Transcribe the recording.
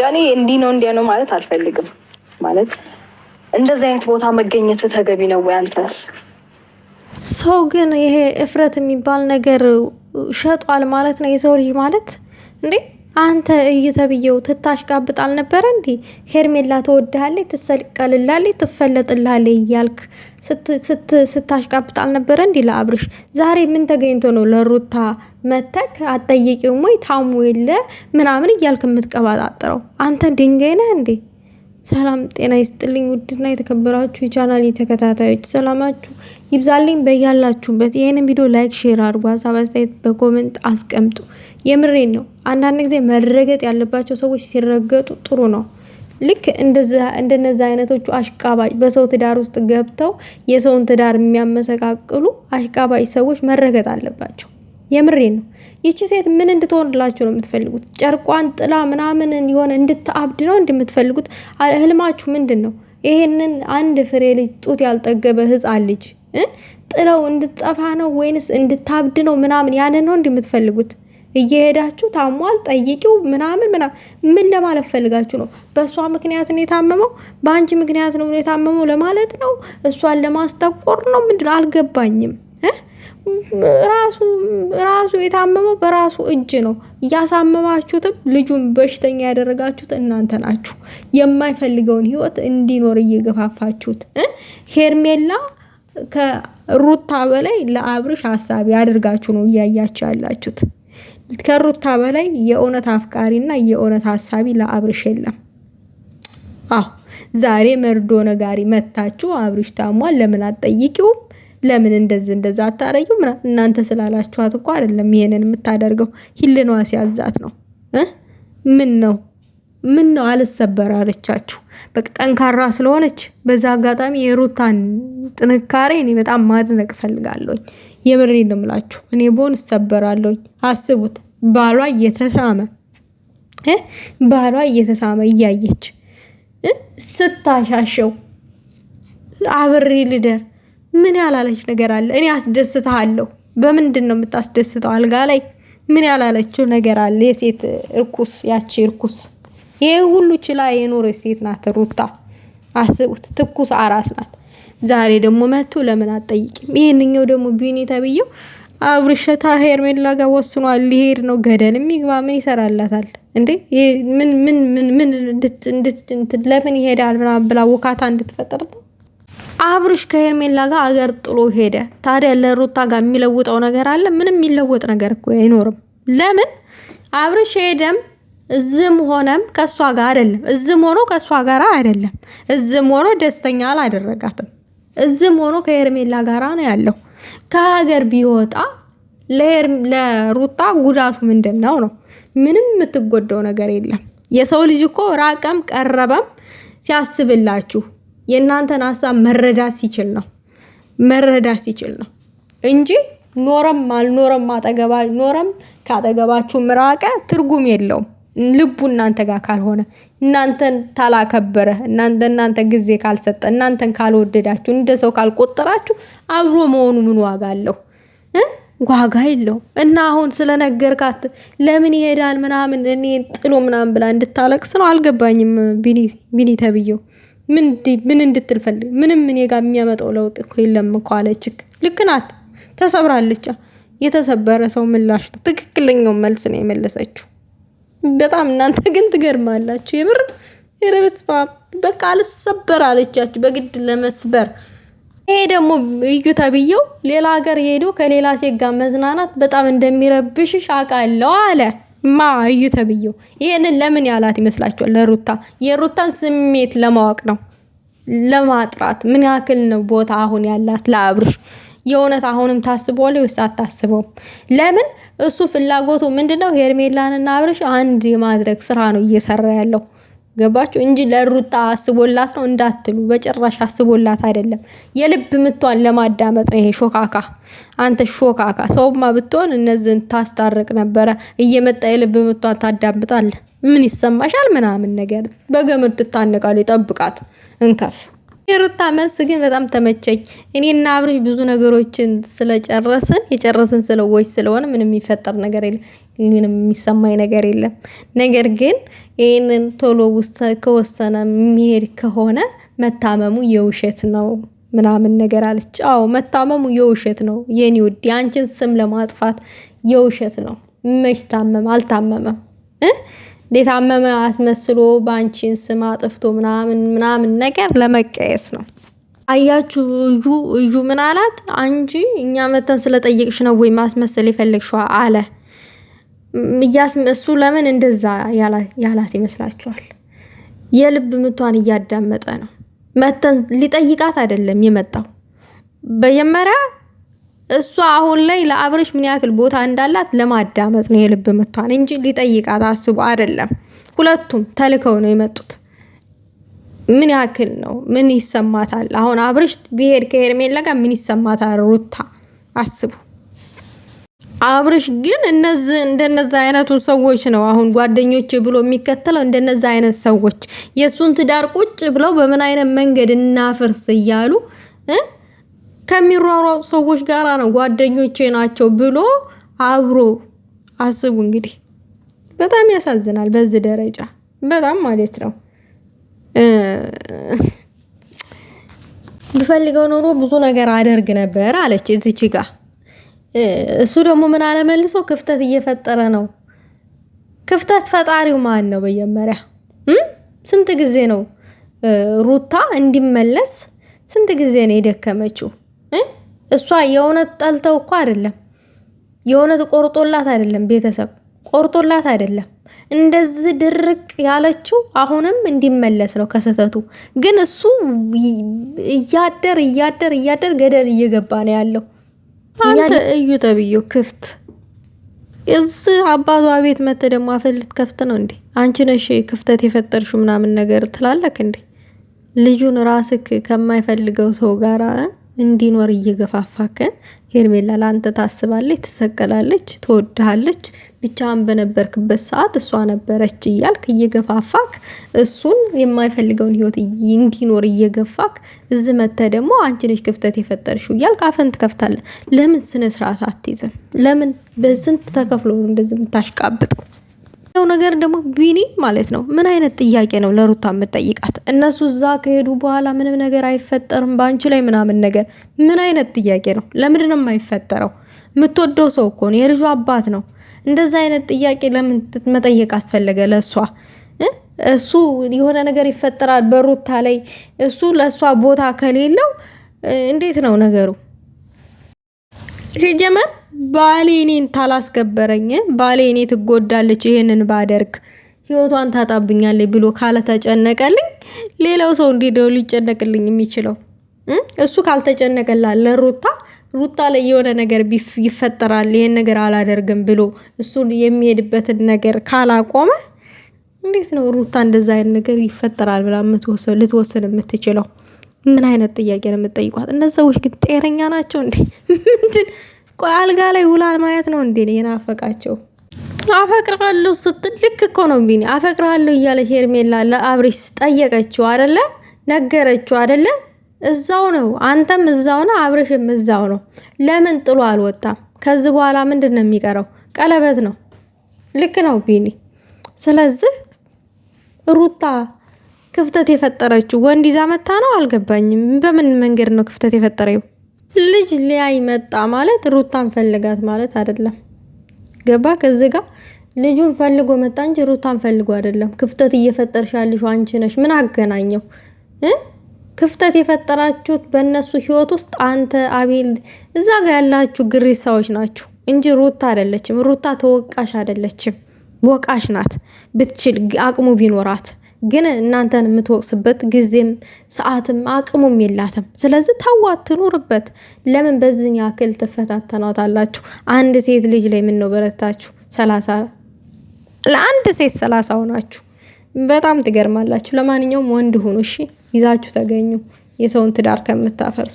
ዳኔ እንዲህ ነው እንዲያ ነው ማለት አልፈልግም። ማለት እንደዚህ አይነት ቦታ መገኘት ተገቢ ነው ወይ? አንተስ ሰው ግን ይሄ እፍረት የሚባል ነገር ሸጧል ማለት ነው የሰው ልጅ ማለት እንዴ አንተ እየተብየው ተብዬው ትታሽቃብጥ አልነበረ እንዴ? ሄርሜላ ትወድሃለች፣ ትሰቀልልሃለች፣ ትፈለጥልሃለች እያልክ ስታሽቃብጥ አልነበረ እንዴ? ለአብርሽ ዛሬ ምን ተገኝቶ ነው ለሩታ መተክ አትጠይቂውም ወይ ታሙ የለ ምናምን እያልክ የምትቀባጣጥረው አንተ ድንጋይ ነህ እንዴ? ሰላም ጤና ይስጥልኝ። ውድና የተከበራችሁ የቻናል ተከታታዮች ሰላማችሁ ይብዛልኝ በያላችሁበት። ይህንን ቪዲዮ ላይክ፣ ሼር አድርጉ። ሀሳብ አስተያየት በኮመንት አስቀምጡ። የምሬን ነው። አንዳንድ ጊዜ መረገጥ ያለባቸው ሰዎች ሲረገጡ ጥሩ ነው። ልክ እንደነዚህ አይነቶቹ አሽቃባጭ በሰው ትዳር ውስጥ ገብተው የሰውን ትዳር የሚያመሰቃቅሉ አሽቃባጭ ሰዎች መረገጥ አለባቸው። የምሬ ነው። ይቺ ሴት ምን እንድትሆንላችሁ ነው የምትፈልጉት? ጨርቋን ጥላ ምናምን የሆነ እንድትአብድ ነው እንደምትፈልጉት? ህልማችሁ ምንድን ነው? ይሄንን አንድ ፍሬ ልጅ ጡት ያልጠገበ ህፃን ልጅ ጥለው እንድትጠፋ ነው ወይንስ እንድታብድ ነው ምናምን ያንን ነው እንደምትፈልጉት? እየሄዳችሁ ታሟል ጠይቂው ምናምን ምናምን ምን ለማለት ፈልጋችሁ ነው? በእሷ ምክንያት ነው የታመመው፣ በአንቺ ምክንያት ነው የታመመው ለማለት ነው? እሷን ለማስጠቆር ነው? ምንድን አልገባኝም። ራሱ ራሱ የታመመው በራሱ እጅ ነው። እያሳመማችሁትም ልጁን በሽተኛ ያደረጋችሁት እናንተ ናችሁ። የማይፈልገውን ህይወት እንዲኖር እየገፋፋችሁት። ሄርሜላ ከሩታ በላይ ለአብርሽ ሀሳቢ አድርጋችሁ ነው እያያችሁ ያላችሁት። ከሩታ በላይ የእውነት አፍቃሪና የእውነት ሀሳቢ ለአብርሽ የለም። አዎ ዛሬ መርዶ ነጋሪ መታችሁ። አብርሽ ታሟል፣ ለምን አትጠይቂውም? ለምን እንደዚህ እንደዛ አታረዩ ምና እናንተ ስላላችኋት እኮ አይደለም ይሄንን የምታደርገው ሂልኗ ሲያዛት ነው። ምን ነው ምን ነው አልሰበር አለቻችሁ። በቃ ጠንካራ ስለሆነች በዛ አጋጣሚ የሩታን ጥንካሬ እኔ በጣም ማድነቅ እፈልጋለሁኝ። የምሬ ነው የምላችሁ። እኔ ቦን እሰበራለሁኝ። አስቡት ባሏ እየተሳመ ባሏ እየተሳመ እያየች ስታሻሸው አብሬ ልደር ምን ያላለች ነገር አለ? እኔ አስደስትሃለሁ። በምንድን ነው የምታስደስተው? አልጋ ላይ ምን ያላለችው ነገር አለ? የሴት እርኩስ፣ ያቺ እርኩስ ይህ ሁሉ ችላ የኖረ ሴት ናት ሩታ። አስቡት፣ ትኩስ አራስ ናት። ዛሬ ደግሞ መቶ ለምን አትጠይቂም? ይህንኛው ደግሞ ቢኒ ተብዬው አብርሸታ ሄርሜላ ጋር ወስኗል። ሊሄድ ነው ገደል የሚግባ ምን ይሰራላታል እንዴ? ምን ምን ምን ምን ለምን ይሄዳል ምናምን ብላ ውካታ እንድትፈጠር ነው። አብርሽ ከሄርሜላ ጋር አገር ጥሎ ሄደ። ታዲያ ለሩታ ጋር የሚለውጠው ነገር አለ? ምንም የሚለወጥ ነገር እኮ አይኖርም። ለምን አብርሽ ሄደም እዝም ሆነም ከእሷ ጋር አይደለም። እዝም ሆኖ ከእሷ ጋር አይደለም። እዝም ሆኖ ደስተኛ አላደረጋትም። እዝም ሆኖ ከሄርሜላ ጋራ ነው ያለው። ከሀገር ቢወጣ ለሩታ ጉዳቱ ምንድን ነው ነው? ምንም የምትጎደው ነገር የለም። የሰው ልጅ እኮ ራቀም ቀረበም ሲያስብላችሁ የእናንተን ሀሳብ መረዳት ሲችል ነው መረዳት ሲችል ነው እንጂ ኖረም አልኖረም አጠገባ ኖረም ከአጠገባችሁ ምራቀ ትርጉም የለውም። ልቡ እናንተ ጋር ካልሆነ እናንተን ታላከበረ እናንተ እናንተ ጊዜ ካልሰጠ እናንተን ካልወደዳችሁ እንደ ሰው ካልቆጠራችሁ አብሮ መሆኑ ምን ዋጋ አለው? ዋጋ የለውም። እና አሁን ስለነገርካት ለምን ይሄዳል ምናምን እኔ ጥሎ ምናምን ብላ እንድታለቅስ ነው። አልገባኝም ቢኒ ተብዬው ምን ምን ምንም እኔ ጋር የሚያመጣው ለውጥ እኮ የለም እኮ አለችክ። ልክ ናት። ተሰብራለች። የተሰበረ ሰው ምላሽ ነው። ትክክለኛውን መልስ ነው የመለሰችው። በጣም እናንተ ግን ትገርማላችሁ። የምር የረብስፋ በቃ አልሰበር አለቻችሁ በግድ ለመስበር። ይሄ ደግሞ እዩ ተብዬው ሌላ ሀገር ሄዶ ከሌላ ሴት ጋር መዝናናት በጣም እንደሚረብሽሽ አውቃለሁ አለ። ማ እዩ ተብዬው ለምን ያላት ይመስላችኋል? ለሩታ የሩታን ስሜት ለማወቅ ነው ለማጥራት ምን ያክል ነው ቦታ አሁን ያላት ለአብርሽ የእውነት አሁንም ታስበዋል ወይስ አታስበውም? ለምን እሱ ፍላጎቱ ምንድነው? ሄርሜላንና አብርሽ አንድ የማድረግ ስራ ነው እየሰራ ያለው። ገባችሁ እንጂ ለሩታ አስቦላት ነው እንዳትሉ፣ በጭራሽ አስቦላት አይደለም። የልብ ምቷን ለማዳመጥ ነው ይሄ ሾካካ። አንተ ሾካካ ሰውማ ብትሆን እነዚህን ታስታርቅ ነበረ። እየመጣ የልብ ምቷን ታዳምጣለ ምን ይሰማሻል ምናምን ነገር በገመድ ትታነቃሉ። ይጠብቃት እንከፍ የሩታ መልስ ግን በጣም ተመቸኝ። እኔና አብርሽ ብዙ ነገሮችን ስለጨረስን የጨረስን ስለዎች ስለሆነ ምንም የሚፈጠር ነገር የለም፣ ምንም የሚሰማኝ ነገር የለም። ነገር ግን ይህንን ቶሎ ውስጥ ከወሰነ የሚሄድ ከሆነ መታመሙ የውሸት ነው ምናምን ነገር አለች። አዎ መታመሙ የውሸት ነው የኔ ውድ፣ የአንችን ስም ለማጥፋት የውሸት ነው። መች ታመመ አልታመመም እ የታመመ አስመስሎ በአንቺን ስም አጥፍቶ ምናምን ምናምን ነገር ለመቀየስ ነው። አያችሁ እዩ እዩ ምን አላት? አንቺ እኛ መተን ስለጠየቅሽ ነው ወይ ማስመሰል የፈለግሽው አለ። እሱ ለምን እንደዛ ያላት ይመስላችኋል? የልብ ምቷን እያዳመጠ ነው። መተን ሊጠይቃት አይደለም የመጣው መጀመሪያ እሷ አሁን ላይ ለአብርሽ ምን ያክል ቦታ እንዳላት ለማዳመጥ ነው የልብ ምቷን እንጂ ሊጠይቃት አስቡ አይደለም። ሁለቱም ተልከው ነው የመጡት። ምን ያክል ነው ምን ይሰማታል? አሁን አብርሽ ቢሄድ ከሄርሜላ ጋር ምን ይሰማታል ሩታ አስቡ። አብርሽ ግን እነዚህ እንደነዛ አይነቱን ሰዎች ነው አሁን ጓደኞች ብሎ የሚከተለው። እንደነዚህ አይነት ሰዎች የእሱን ትዳር ቁጭ ብለው በምን አይነት መንገድ እናፍርስ እያሉ ከሚሯሯጡ ሰዎች ጋር ነው ጓደኞቼ ናቸው ብሎ አብሮ አስቡ እንግዲህ በጣም ያሳዝናል። በዚህ ደረጃ በጣም ማለት ነው። ብፈልገው ኖሮ ብዙ ነገር አደርግ ነበር አለች እዚች ጋ። እሱ ደግሞ ምን አለመልሶ ክፍተት እየፈጠረ ነው። ክፍተት ፈጣሪው ማን ነው? በመጀመሪያ ስንት ጊዜ ነው ሩታ እንዲመለስ ስንት ጊዜ ነው የደከመችው? እሷ የእውነት ጠልተው እኮ አይደለም፣ የእውነት ቆርጦላት አይደለም፣ ቤተሰብ ቆርጦላት አይደለም። እንደዚህ ድርቅ ያለችው አሁንም እንዲመለስ ነው ከስህተቱ። ግን እሱ እያደር እያደር እያደር ገደል እየገባ ነው ያለው። አንተ እዩ ተብዬው ክፍት እዚህ አባቷ ቤት መተ ደግሞ አፈልት ልትከፍት ነው እንዴ? አንቺ ነሽ ክፍተት የፈጠርሽው ምናምን ነገር ትላለክ እንዴ? ልጁን ራስክ ከማይፈልገው ሰው ጋራ እንዲኖር እየገፋፋከን ሄርሜላ ለአንተ ታስባለች፣ ትሰቀላለች፣ ትወድሃለች፣ ብቻህን በነበርክበት ሰዓት እሷ ነበረች እያልክ እየገፋፋክ እሱን የማይፈልገውን ህይወት እንዲኖር እየገፋክ እዚ መተ ደግሞ አንቺ ነሽ ክፍተት የፈጠርሽው እያልክ አፈን ትከፍታለህ። ለምን ስነ ስርዓት አትይዝም? ለምን በስንት ተከፍሎ እንደዚህ የምታሽቃብጠው? ነገር ደግሞ ቢኒ ማለት ነው ምን አይነት ጥያቄ ነው ለሩታ የምጠይቃት? እነሱ እዛ ከሄዱ በኋላ ምንም ነገር አይፈጠርም በአንቺ ላይ ምናምን ነገር ምን አይነት ጥያቄ ነው? ለምንድን የማይፈጠረው? የምትወደው ሰው እኮ ነው፣ የልጁ አባት ነው። እንደዛ አይነት ጥያቄ ለምን መጠየቅ አስፈለገ ለእሷ? እሱ የሆነ ነገር ይፈጠራል በሩታ ላይ እሱ ለእሷ ቦታ ከሌለው እንዴት ነው ነገሩ ሲጀመር ባሌ እኔን ታላስከበረኝ ባሌ እኔ ትጎዳለች ይሄንን ባደርግ ህይወቷን ታጣብኛለች ብሎ ካልተጨነቀልኝ ሌላው ሰው እንዴት ነው ሊጨነቅልኝ የሚችለው? እሱ ካልተጨነቀላት ለሩታ ሩታ ላይ የሆነ ነገር ይፈጠራል፣ ይሄን ነገር አላደርግም ብሎ እሱን የሚሄድበትን ነገር ካላቆመ እንዴት ነው ሩታ እንደዛ አይነት ነገር ይፈጠራል ብላ ልትወስን የምትችለው? ምን አይነት ጥያቄ ነው የምትጠይቋት? እነዚ ሰዎች ግን ጤነኛ ናቸው እንዴ? ምንድን ቆይ አልጋ ላይ ውላል ማየት ነው እንዴ የናፈቃቸው? አፈቅርሃለሁ ስትል ልክ እኮ ነው ቢኒ አፈቅርሃለሁ እያለች ሄርሜላ ለአብሪሽ ጠየቀችው አደለ? ነገረችው አደለ? እዛው ነው አንተም እዛው ነው አብርሽም እዛው ነው። ለምን ጥሎ አልወጣም? ከዚህ በኋላ ምንድን ነው የሚቀረው? ቀለበት ነው። ልክ ነው ቢኒ። ስለዚህ ሩታ ክፍተት የፈጠረችው ወንድ ይዛ መታ ነው። አልገባኝም። በምን መንገድ ነው ክፍተት የፈጠረው? ልጅ ሊያይ መጣ ማለት ሩታን ፈልጋት ማለት አይደለም። ገባ ከዚህ ጋር ልጁን ፈልጎ መጣ እንጂ ሩታን ፈልጎ አይደለም። ክፍተት እየፈጠርሽ ያለሽው አንቺ ነሽ። ምን አገናኘው? ክፍተት የፈጠራችሁት በእነሱ ህይወት ውስጥ አንተ፣ አቤል፣ እዛ ጋር ያላችሁ ግሪሳዎች ናችሁ እንጂ ሩታ አይደለችም። ሩታ ተወቃሽ አይደለችም፣ ወቃሽ ናት። ብትችል አቅሙ ቢኖራት ግን እናንተን የምትወቅስበት ጊዜም ሰዓትም አቅሙም የላትም። ስለዚህ ተዋት፣ ትኑርበት። ለምን በዚህን ያክል ትፈታተናታላችሁ? አንድ ሴት ልጅ ላይ ምን ነው በረታችሁ? ሰላሳ ለአንድ ሴት ሰላሳ ሆናችሁ በጣም ትገርማላችሁ። ለማንኛውም ወንድ ሁኑ እሺ፣ ይዛችሁ ተገኙ የሰውን ትዳር ከምታፈርሱ